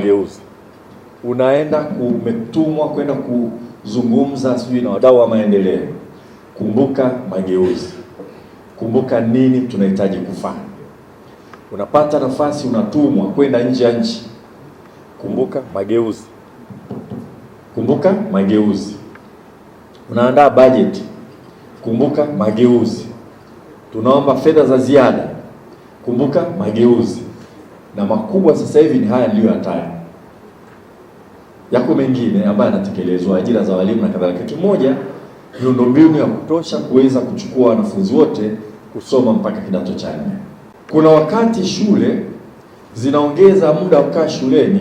geuzi unaenda umetumwa kwenda kuzungumza sijui na wadau wa maendeleo. Kumbuka mageuzi, kumbuka nini tunahitaji kufanya. Unapata nafasi, unatumwa kwenda nje ya nchi, kumbuka mageuzi, kumbuka mageuzi. Unaandaa bajeti, kumbuka mageuzi. Tunaomba fedha za ziada, kumbuka mageuzi na makubwa sasa hivi ni haya niliyoyataja. Yako mengine ambayo yanatekelezwa, ajira za walimu na kadhalika. Kitu moja, miundombinu ya kutosha kuweza kuchukua wanafunzi wote kusoma mpaka kidato cha nne. Kuna wakati shule zinaongeza muda wa kukaa shuleni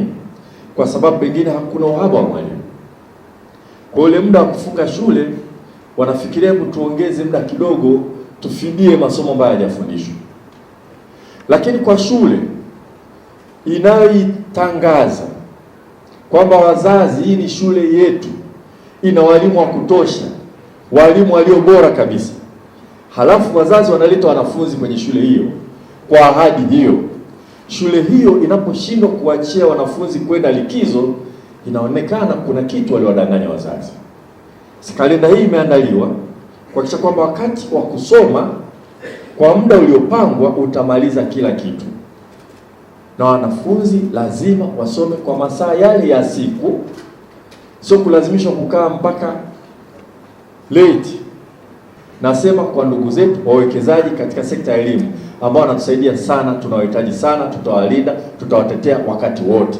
kwa sababu pengine hakuna uhaba wa mwalimu. Kwa ule muda wa kufunga shule wanafikiria hebu tuongeze muda kidogo, tufidie masomo ambayo hayajafundishwa, lakini kwa shule inayoitangaza kwamba wazazi, hii ni shule yetu, ina walimu wa kutosha, walimu walio bora kabisa, halafu wazazi wanaleta wanafunzi kwenye shule hiyo kwa ahadi hiyo. Shule hiyo inaposhindwa kuachia wanafunzi kwenda likizo, inaonekana kuna kitu waliwadanganya wazazi. Kalenda hii imeandaliwa kuhakikisha kwamba wakati wa kusoma kwa muda uliopangwa utamaliza kila kitu na wanafunzi lazima wasome kwa masaa yale ya siku, sio kulazimishwa kukaa mpaka late. Nasema kwa ndugu zetu wawekezaji katika sekta ya elimu ambao wanatusaidia sana, tunawahitaji sana, tutawalinda, tutawatetea wakati wote.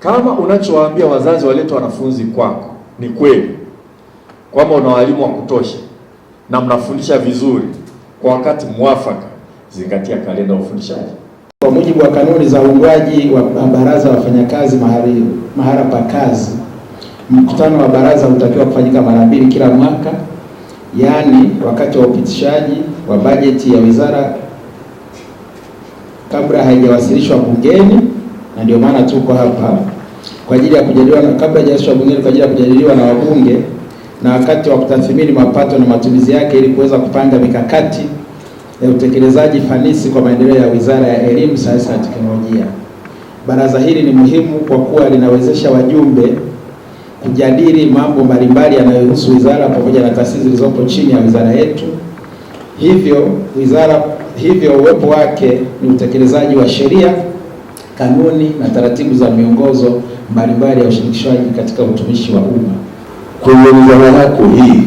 Kama unachowaambia wazazi walete wanafunzi kwako ni kweli kwamba una walimu wa kutosha na mnafundisha vizuri kwa wakati mwafaka, zingatia kalenda ya ufundishaji. Kwa mujibu wa kanuni za uundwaji wa baraza la wafanyakazi mahali mahala pa kazi, mkutano wa baraza hutakiwa kufanyika mara mbili kila mwaka, yaani wakati wa upitishaji wa bajeti ya wizara kabla haijawasilishwa bungeni, na ndio maana tuko hapa kwa ajili ya kujadiliwa na kabla haijawasilishwa bungeni kwa ajili ya kujadiliwa na wabunge, na wakati wa kutathmini mapato na matumizi yake ili kuweza kupanga mikakati ya utekelezaji fanisi kwa maendeleo ya Wizara ya Elimu, Sayansi na Teknolojia. Baraza hili ni muhimu kwa kuwa linawezesha wajumbe kujadili mambo mbalimbali yanayohusu wizara pamoja na taasisi zilizopo chini ya wizara yetu. Hivyo wizara hivyo uwepo wake ni utekelezaji wa sheria, kanuni na taratibu za miongozo mbalimbali ya ushirikishwaji katika utumishi wa umma. Kwenye wizara yako hii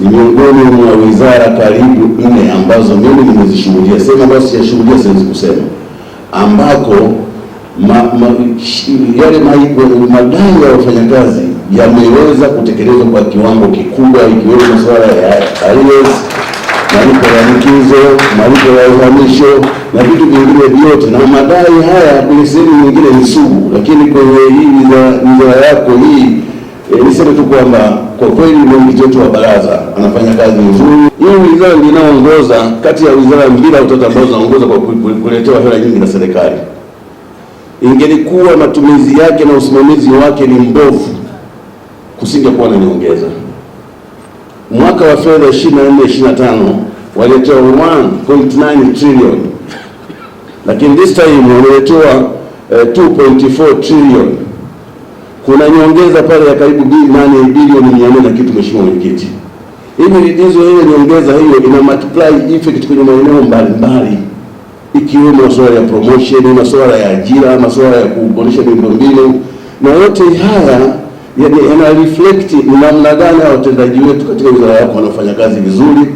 ni miongoni mwa wizara karibu nne ambazo mimi nimezishughulia, sehemu ambazo sijashuhudia siwezi kusema, ambako ma, ma, yale madai ya wafanyakazi yameweza kutekelezwa kwa kiwango kikubwa, ikiwemo masuala ya arrears, malipo ya likizo, malipo ya uhamisho na vitu vingine vyote. Na madai haya kwenye sehemu nyingine ni sugu, lakini kwenye hii wizara yako hii E, niseme tu kwamba kwa kweli mwenyekiti wetu wa baraza anafanya kazi nzuri. Hii wizara ndio inaongoza kati ya wizara mbili au tatu ambazo zinaongoza kwa kuletewa hela nyingi na serikali. Ingelikuwa matumizi yake na usimamizi wake ni mbovu, kusingekuwa na nyongeza. Mwaka wa fedha 24 25 waliletewa 1.9 trillion, lakini this time wameletewa 2.4 eh, trillion kuna nyongeza pale ya karibu bilioni mia nne na kitu, mheshimiwa mwenyekiti. Hivi vidizo hiyo nyongeza hiyo ina multiply effect kwenye maeneo mbalimbali ikiwemo masuala ya promotion, masuala ya ajira, masuala ya kuboresha miundombinu na yote haya yana reflect ni namna gani watendaji wetu katika wizara yako wanafanya kazi vizuri.